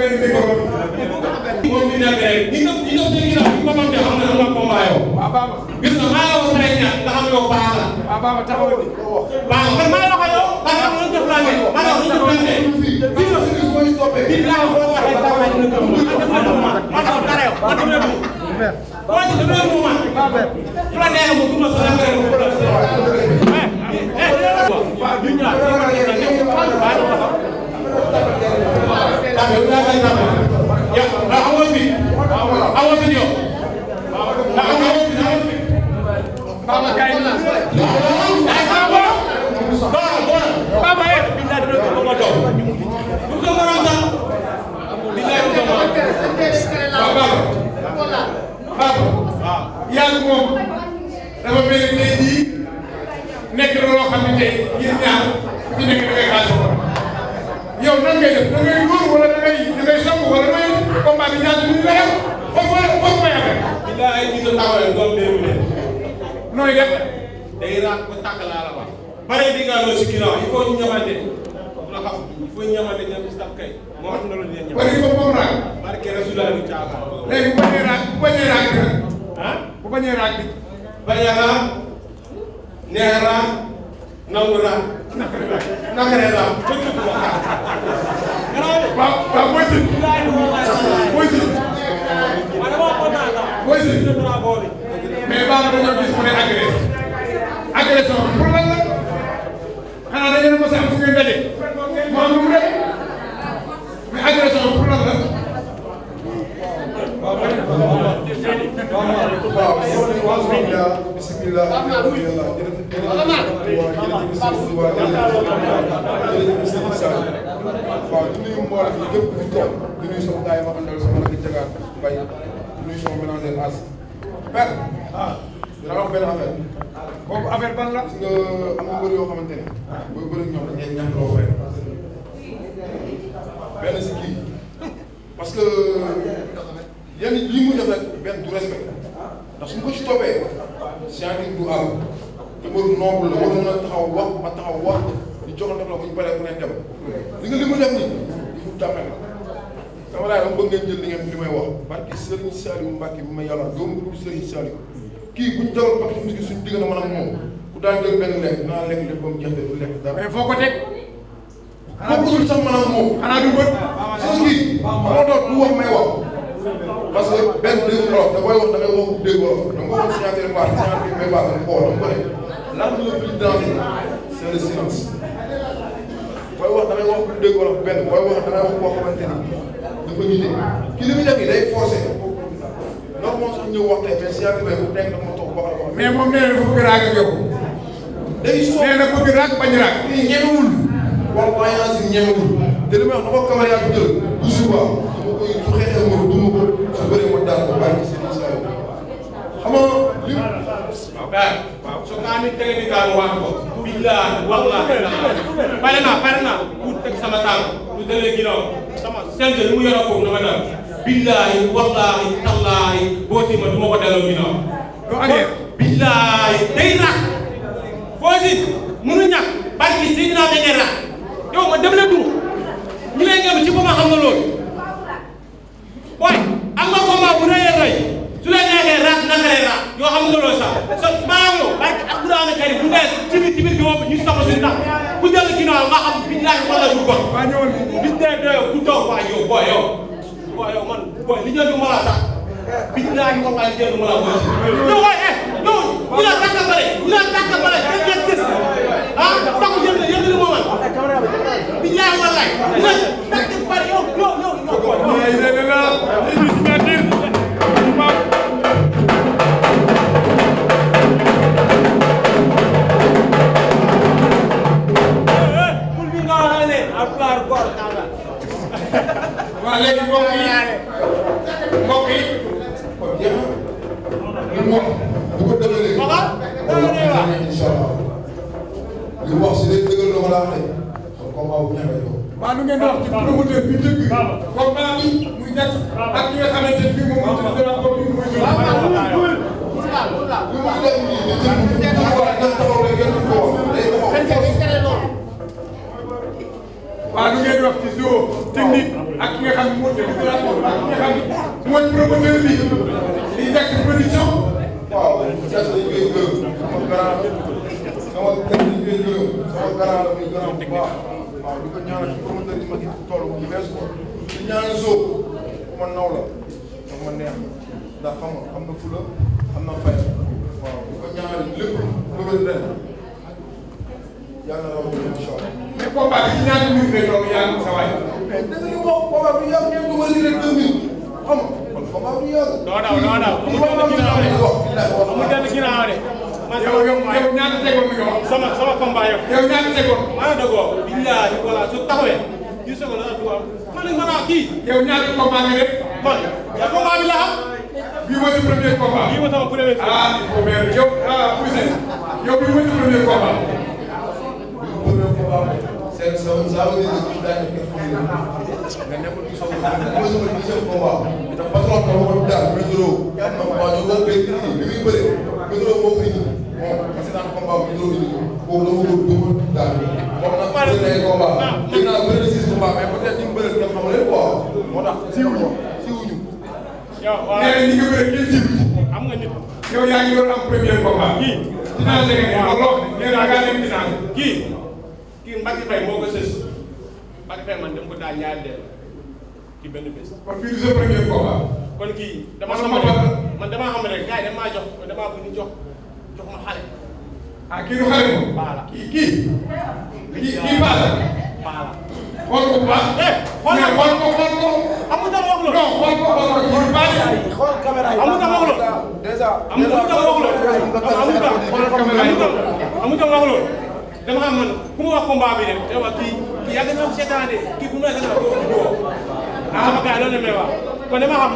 benn micro moom ñu nekk rek ñi nga ñi nga seen ginnaaw ñu ko mën xam ne am na combat yow. gis nga maa la wax rek ñaar nga xam yow baax la. waaw baax taxaw na baax man maa la wax yow. baax na ma jox laa ne maa la wax ñu jox laa ne. bii la suñu boo ñu toppee. bii laa boo waxee taw la dina gëm. man def ma ma taxaw dara yow ma demee mu. boo ci demee mu ma. fu la neexee mu duma sa affaire mu la. eh eh. waaw ñu ñaar ñu ñaar ñu ñaar ñu ñaar ndax yow yaa ngi lay naan yow ndax amoo fi amoo fi ñëw. Yera nangu ra nakare ra waaw waaw mooy si mooy si mooy si mais baal ma ñëw gis mu ne agressé agression pour lan la xanaa dañu ne mos a am fu muy daje moo am lu mu daje mais agression pour lan la. waaw di nuyu mboolem yi képp ku fi toog di nuyu sama gars yi ma àndal sama nag jagaar mbay di nuyu sama mélangeur as. per dina wax benn affaire kooku affaire ban la. parce que am na mbër yoo xamante ne. booy bëri ñoom dañ leen ñàkk loo fay. benn si kii parce que. te nit lii muy def nag benn du respect ndax suñ ko ci toppee scientifique du àll te mbëru nombre la war na taxaw wax ba taxaw wax di joxante la bu ñu paree ku may wax barki Serigne Saliou Mbacke bi ma yàlla doomu bu dul Serigne kii buñ dawal ba ci suñ diggante man ak moom ku daan jël benn lekk naa lekk lépp ba mu jeex de lekk dara foo ko teg foo ko sax man ak moom xanaa du bët soo kii xanaa doot du wax may wax parce que benn dégg wolof da koy wax da koy wax dégg wolof da nga ko wax signataire part signataire mais part dama ko wax dama ko ne l'art le plus dangereux c'est le silence booy wax da ngay wax dégg wolof benn booy wax da ngay wax boo xamante ni dafa gis ki li muy def day forcé ndox moom sax ñëw wax tey mais signataire bi bu nekk da ma toog wax la mais moom nee na bëgg raag ak yow. day soo nee na bëgg raag bañ raag. fii ñemewul. wala voyance yi ñemewul. te li may wax na ko camarade jël bu suba dama koy xeexee daal ko bàyyi ci seen nga li. wax ko. billaahi wallaahi pare naa pare naa ku teg sama tànk lu dalee ginnaaw sama seen li mu yore foofu dama daal. billaahi wallaahi tallaahi boo ci ma du ma ko delloo ginnaaw. doo agee billaahi day nax boo si mënu ñàkk barki si dinaa dañee nax yow ma dem la du ñu lay ngem ci ba ma nga loolu waaye am nga combat bu rëy a rëy su la neexee raas naka lay raas yoo xam nga loolu sax sa maango ak Alxuraan kari bu ngay ci biir ci biir bi moom ñu soxla suñu tax ku jël ginnaaw nga xam biñ laaj wala du ko bis dee doyoo ku toog waa yow booy yow booy yow man booy li jëndu ma la sax biñ laaj ko ma jëndu ma la booy yow waay eh non ñu la tàkk bare ñu la tàkk bare jël jël ah taxu jël li mu wax si dama laa wax rek kon combat bu ñaanal ko. waaw lu ngeen di wax ci promoteur bi dëgg. combat bi muy nekk ak ñi nga xamante ne bii moom mooy dëgg dara comme ni muy ñëw. waaw waaw lu muy lu muy def nii dañ koy def lu mu war a def taxaw rek ngeen ko wax day taxaw. dañ koy tere loolu. waaw lu ngeen di wax ci duo technique ak ki nga xam ne moo dëgg dara ak ki nga xam ne mooy promoteur bi di nekk production. waaw des na ñu koy gërëm. sama gan yi ngay gërëm sama garaan la muy garaan bu baax waaw di ko ñaanal ci promoteur yi ma gis tool bu bees ko di ñaanal soo ku ma naw la daf ma neex ndax xam nga xam na fula xam na fay waaw di ko ñaanal lépp lu ko ren yàlla raw bi incha allah. mais combat bi ñaari minutes lay doon yàlla sa waay. mais dëgg li moom combat bi yàgg ngeen dugal lii rek deux minutes xam nga kon combat bi yàgg. doo daw doo daw amul benn ginnaaw de amul benn ginnaaw de. yow yow yow ñaata seconde nga wax. sama sama combat yow. yow ñaata seconde. maa ngi dogoo. billahi voilà su taxawee. ñu soog a la du am. man nag ma kii. yow ñaata combat nga def. man ya combat bi la am. bii mooy sa premier combat. bii mooy sama premier combat. ah il faut bien yow ah Ouzin yow bii mooy sa premier combat. premier combat seen sa saa wane ne bii daa nekk nga nekkul ci sama mooy sama deuxième combat. te patron ko daal météo. ma waa ñu ko béy nit ñi li muy bëri météo moo koy parce que daan combat bi ñu boobu la ma bëgg a déglu daal bi. moom nag bëri na ay combat. mais peut-être ñu bëri na xam leen quoi. moo tax siiwuñu siiwuñu. yow waaw nee nañ ñu ngi bëri kenn siiwuñu. am nga nit. yow yaa ngi yor am premier combat. kii dinaa nekk nii ak loolu. nee naa gaa nekk dinaa kii. kii Mbacke Faye moo ko sës Mbacke Faye man dama ko daal ñaari dellu ci benn bés. kon fii du sa premier combat. kon kii dama xam ne man dama xam ne gars yi damaa jox damaa bëgg jox jox ma xale. ah kii du xale moom. voilà kii kii. kii kii paase. voilà. xool ko bu baax. Eh, xool ko xool ko xool ko. amul dama wax loolu. non xool ko xool ko kii paase. xool caméra yi amul dama wax loolu. dèjà amul dama wax loolu. amul dama wax loolu. dama xam man ku ma wax combat bi rek dama kii kii yàgg na seetaan de kii bu ma yàgg na ko ah ma gars loolu la may wax kon dama xam.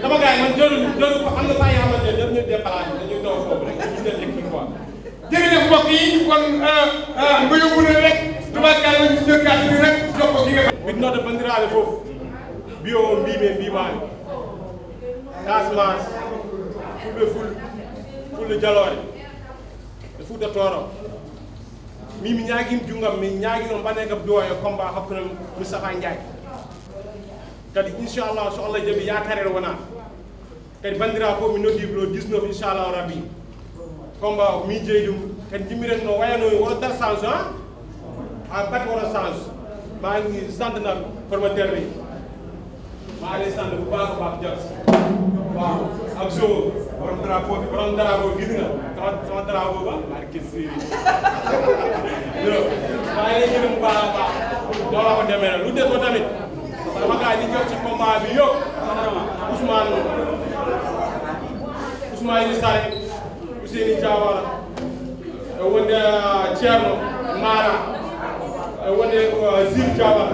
sama gars yi man jëlu jëlu ko am na saa yoo xamante ne dañuy déplacé dañuy doon foofu rek ñu jël léegi quoi. jërëjëf mbokk yi kon euh, euh, nga yóbbu ne rek tubaarkàlla ñu jël kàddu bi rek jox ko ki nga. mit noo de bandiraaɓe fof mbiyowo mbimi e mbimaani casamance fulɓe ful fulɓe jaloore e fuuta tooro min mi ñaagin junngam mi ñaagino mbaɗe kam duwoyo combat hakkunde moustapha ndiaye kadi inchallah allah jaaɓi yakarere wona kadi bandira fof mi noddiɓe ɗo 19 inchallahu rabbi combat o min jeeyi ɗum no wayano woto dar change ha ah? ah, ha bat woto change ma sante nak formateur ɓe ma bu baax a baax jot waaw ak so borom drapeau bi borom drapeau gis nga sama sama bu baax a baax doo la ko demee xam naa li jot ci combat bi yëpp Ousmane Ousmane Saay Ousseyni Diawara wonde euh, Thierno wonde Zil euh, Diawara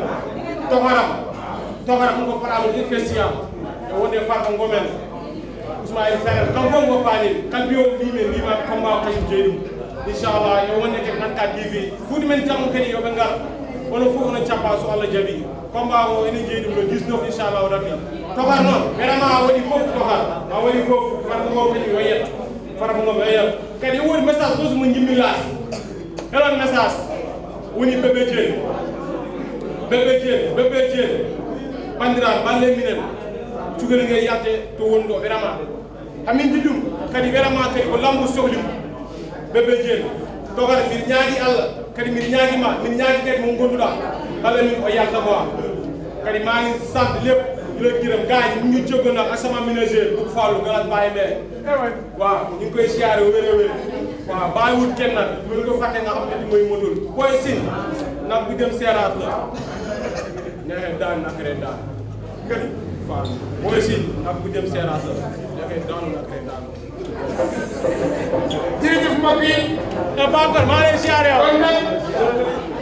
Tokaram Tokaram ko parama ɗin festiyam e wonde Farba Ngomen Ousmane Saay kam fof goppani kam mbiyo mbimi mbima combat kañum jeeɗum inchallah yo wonde ke hanka men jammo kadi yooɓe ngar onon fof onon Allah jaɓi combat o enen jeeɗiɗo 19 inchallahu rabbi tokat noon vraiment woni fof tokat a woni fof farko ngo kadi o yiyat farko ngo o yiyat kadi o woni message ɗos mo jimmillas elon message woni bébé diene yatte to woni ɗo hamin jiɗum kadi vraiment kadi ko lambo sohli mo bébé diene tokat mbiɗa ñaagui allah kadi mbiɗa ñaaguima mbiɗa ñaagui kadi mo gonduɗa xale min o ko kadi maa ngi sant lépp di la gërëm gars yi ñu ngi jógoon nag ak sama ménager bu Fallou Galas Baye Mbaye waaw ñu ngi koy siyaare wér a wér waaw bàyyiwut nag mën nga fàtte nga xam ne di mooy mënul booy sin nag bu dem seeraat la neexee daan nakre daan gën waaw booy sin nag bu dem seeraat la neexee daan nakre daan jërëjëf mbokk yi e Babacar maa lay siyaare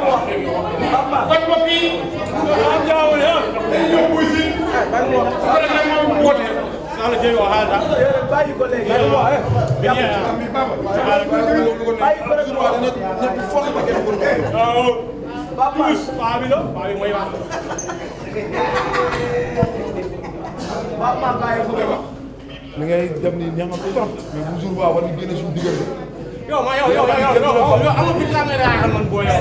ñu neex na trop mais bu jour ba war nañu génne suñu diggante. yow ma yow yow yow yow yow am na fi nga xam ne daa yaakaar man boo yow.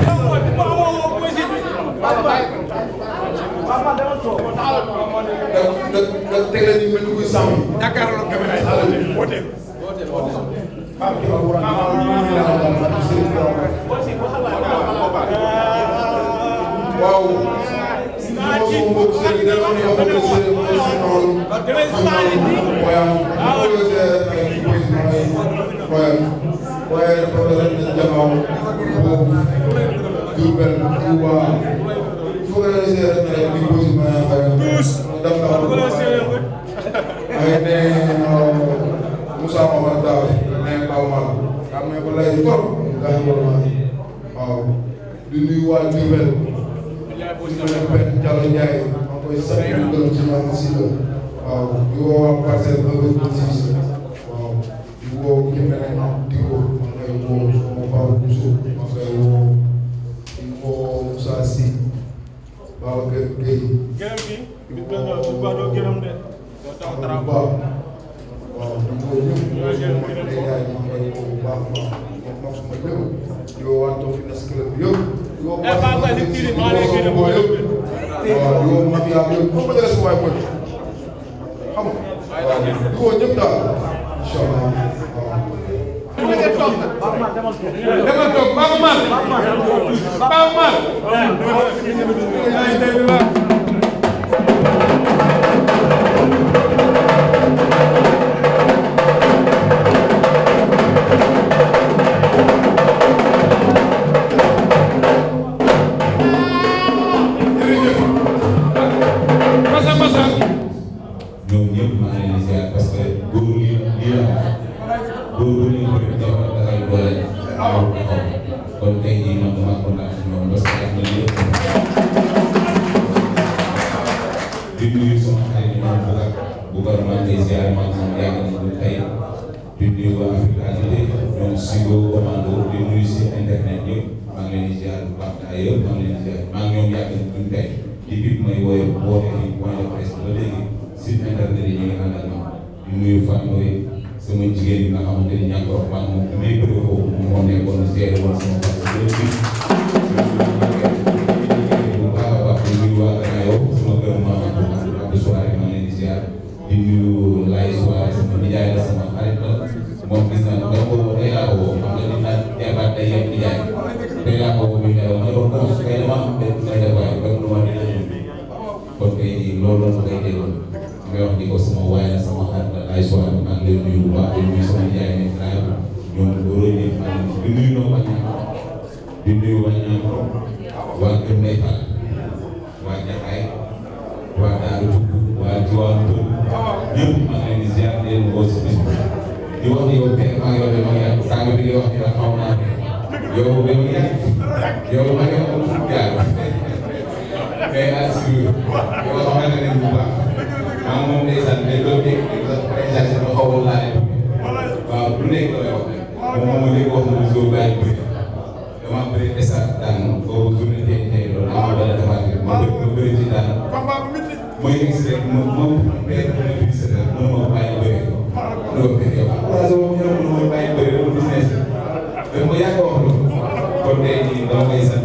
teg la ñu mel ni kuy sàmm. jàkkaarloo caméra yi woote. waaw. waaw di nuyu waa Diourbel Diallo Ndiaye maa ngi koy sant di gërëm ci maanaam si la waaw di woo waa parcelle ba wér waaw di woo ñëpp rek di woo maa ngi koy woo sama Pape Bousso maa ngi koy woo di woo Moussa Sy Babacar Gueye di woo Amadou Ba waaw di woo ñëpp ñoo ñëpp maa ngi koy woo bu baax a baax moom moo suma ñëpp di woo waa Tofines Club yëpp di woo waaw yow man yaa ngi ko bëgg a def waaye mooy xam nga. waaw ñëpp daal incha allah waaw. bu fekkee toog nag. demal toog Pape Mar Pape Mar. loolu la fa koy déggoon may wax ni ko sama waay la sama xarit la ay soxla maa ngi leen nuyu bu baax di nuyu sama njaay ne naayam ñoom góor ñi maa ngi di nuyu noo wàññi di nuyu wàññi waa Kër Ndeye Fall waa Ndiakhaye waa Daaru Tukku waa Tivaouane Pël ñëpp maa ngi leen di ziar di leen woo si bis bi di wax ni yow tey maa ngi leen di wax yow tàng bi nga wax ni la xaw naa yow yow parce que moom ñor na mooy bàyyi bëri business bi. dama yàgg a wax loolu kon tey jii dama koy sant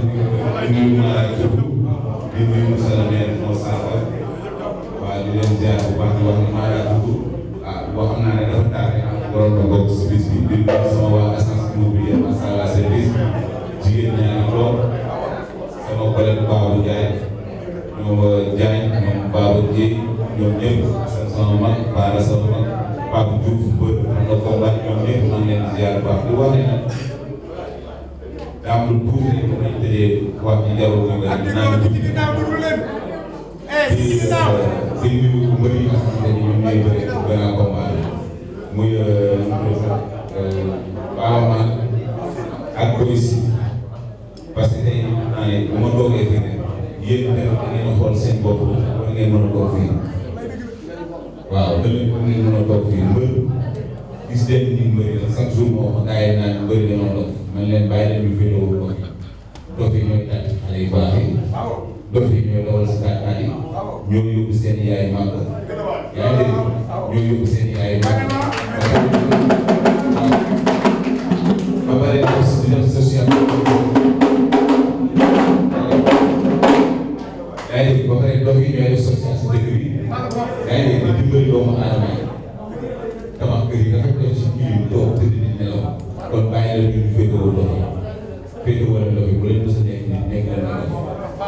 ak police parce que tey naa ne bu ma toogee fii ne yéen ngeen ngeen mën a toog fii waaw dëgg la ngeen mën a toog fii mbër gis ni mbëri la chaque jour moo xam gars yi naan mbëri dañoo dof man leen yi ñooy tànn xale yu baax yi dof yi ñooy dawal si kàttan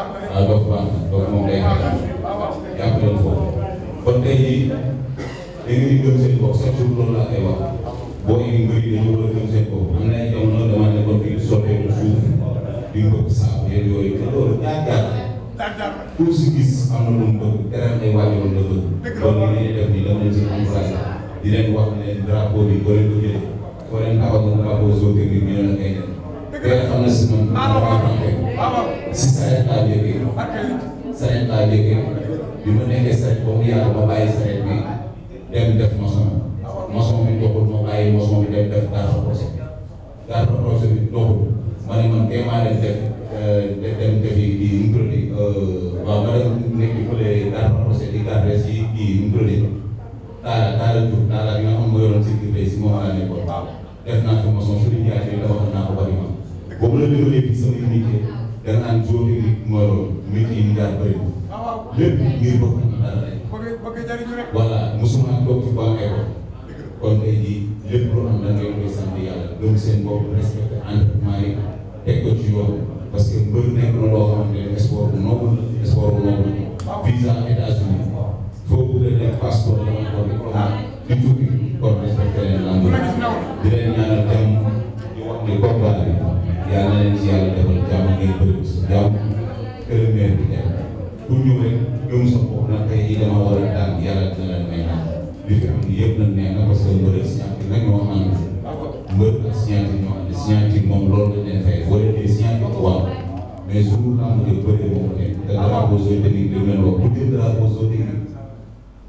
waaw doo ko baax doo moom day xayma jàpp leen foofu kon tey jii da ngeen gëm seen bopp chaque jour loolu laa koy wax boo yi mbir yi dañoo war a gëm seen bopp am na ay jamono dama nekkoon fii soppeeku suuf di bëgg saabu yéen yooyu te loolu jaar-jaar pour si gis am na lu mu bëgg teral ay waajoon la bëgg kon li ñuy def nii dama leen si encouragé di leen wax ne drapeau bi boo leen ko jëlee foo leen taxaw ko drapeau zootechnique bi ñu ne la koy def. tey xam na si man maa si sareet laa jógee sareet laa jógee bi ma nekkee sareet ba mu yàgg ma bàyyi sareet bi dem def maçon maçon bi doxul ma bàyyi maçon bi dem def garde projet garde projet bi doxul ma ne man kay maa dem def euh, dem defi di mu produit euh, waaw ma dem nekk fële garde projet di garde si di mu produit taala taala tur taala bi nga xam nga yoroon si biir si moom laa nekkoon def naa fi maçon su di jaay dama wax naa ko bari ma boobu la ñu sama unité da nga naan zone technique mooy loolu métier yi ñu daan bëri lépp ngir bëgg dara rek voilà mosuma toog ci banque ay wax kon tey jii lépp lu am da ngay koy sant yàlla gëm seen bopp respecté entreprenariat yi teg ko ci yoon parce que mbër nekk na loo xamante ne sport bu noble sport bu noble visa États-Unis foo bëgg a dem passeport da nga ko di ko xaar di kon respecté leen lamb di leen ñaanal jàmm di ne combat bi yàlla na leen ci yàlla defal jàmm ngay bëri ku ñëw rek gëm sa bopp nag tey jii dama war a daan yàlla dina leen may naan li fi am ni yëpp na parce que mbër ak signature nag ñoo ànd mbër ak loolu lañ leen fay boo leen di signature waaw mais jour làmb de bëri moo ko teg te damaa ko zoe technique dañ leen wax bu dee dara ko zoe technique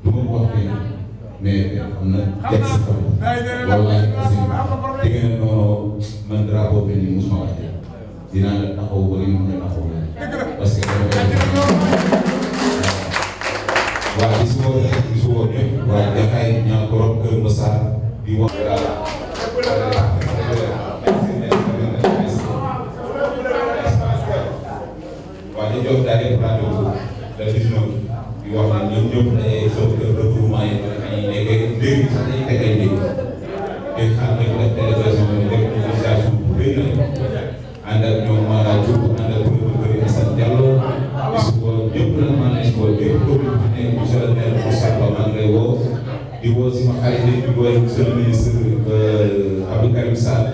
du ma ko wax tey na teg si kaw wallaay parce que di nga ne noonu man drapeau benn mosuma dinaa la taxaw ba li ma di woo si ma xarit di woo monsieur le ministre euh, Abdou Karim Sall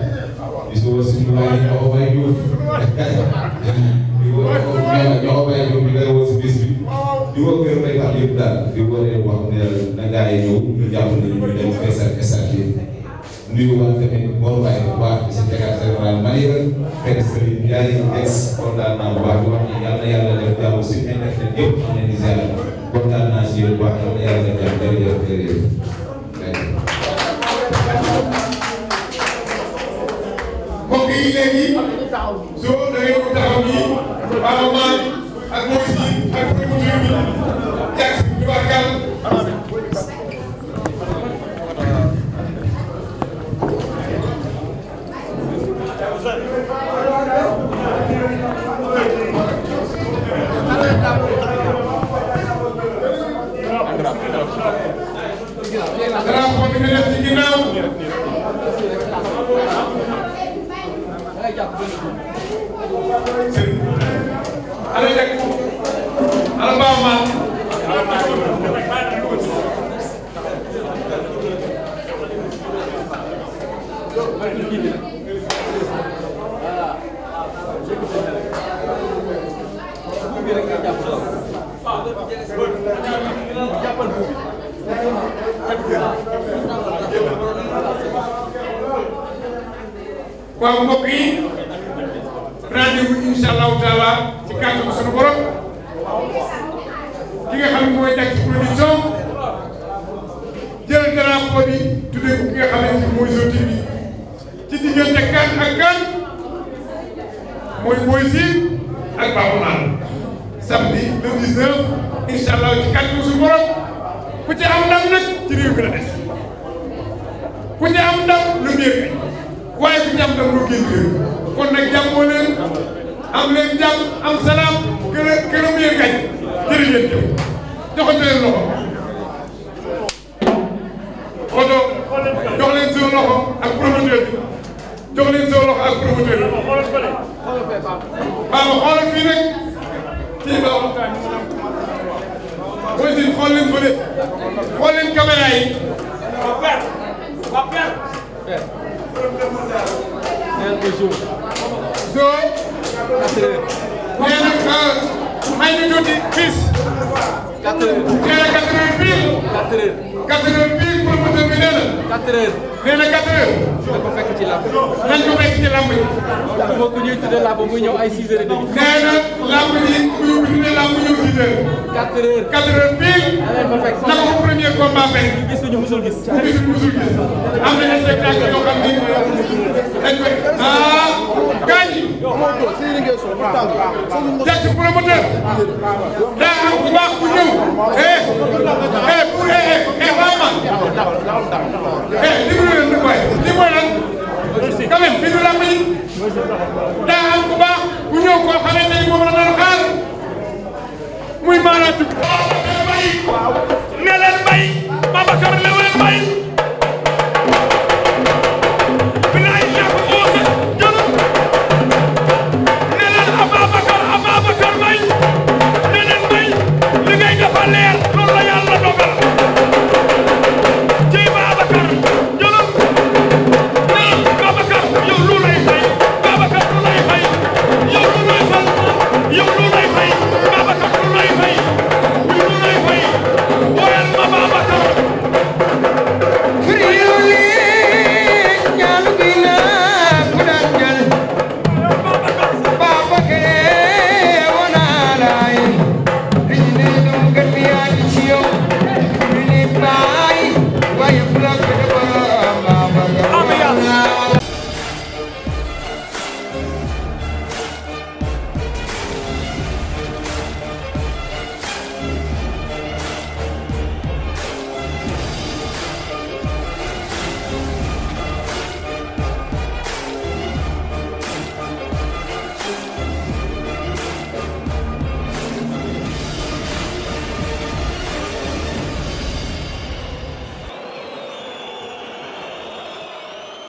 di si woo si ñu waay Awa Diouf waaw mbokk yi rendez-vous incha allahu taala ci kàttanu sunu borom ki nga xam mooy Diaks production jël drapeau bi tuddee ko ki nga xam ne mooy Zo TV ci diggante kan mooy Moïse ak Babou Nane samedi le 19 incha ci kàttanu sunu borom ku ci am ndam nag ci réew mi la des ku ci am ndam lu néew waaye ku jàmm daf lu génn réew kon nag jàmmoo leen am leen jàmm am salaam gën a gën a mu yéen gañ jërë leen loxo oto jox leen seen loxo ak promoteur bi jox leen seen loxo ak promoteur bi baaba xoolal fii nag kii baaba aussi xool leen fële leen caméra yi. neel ko jour. jour. quatre heures. nee na may ñu tuuti bis. quatre heures. nee na quatre heures pile. quatre heures. quatre heures pile promoteur bi nee na. quatre heures. nee na quatre heures. na ko fekk ci làmb. nañ ko fekk ci làmb yi. ndax boo ko ñuy tuddee làmb muy ñëw ay six heures et demie. nee na làmb yi muy tuddee làmb ñëw six heures. quatre heures quatre heures pile. na leen fa fekk na ko premier combat fekk. gis nañu musul gis. gis musul gis am na ay spectacle yoo xam ni dañ koy ah gaañ yi. jàpp promoteur. daa am bu baax bu ñëw. eh eh eh eh vraiment. eh waaye li mooy lan quand daa am ku baax ku ñëw koo xamee ne moom la doon xaar muy maanaam. waaw ne leen bay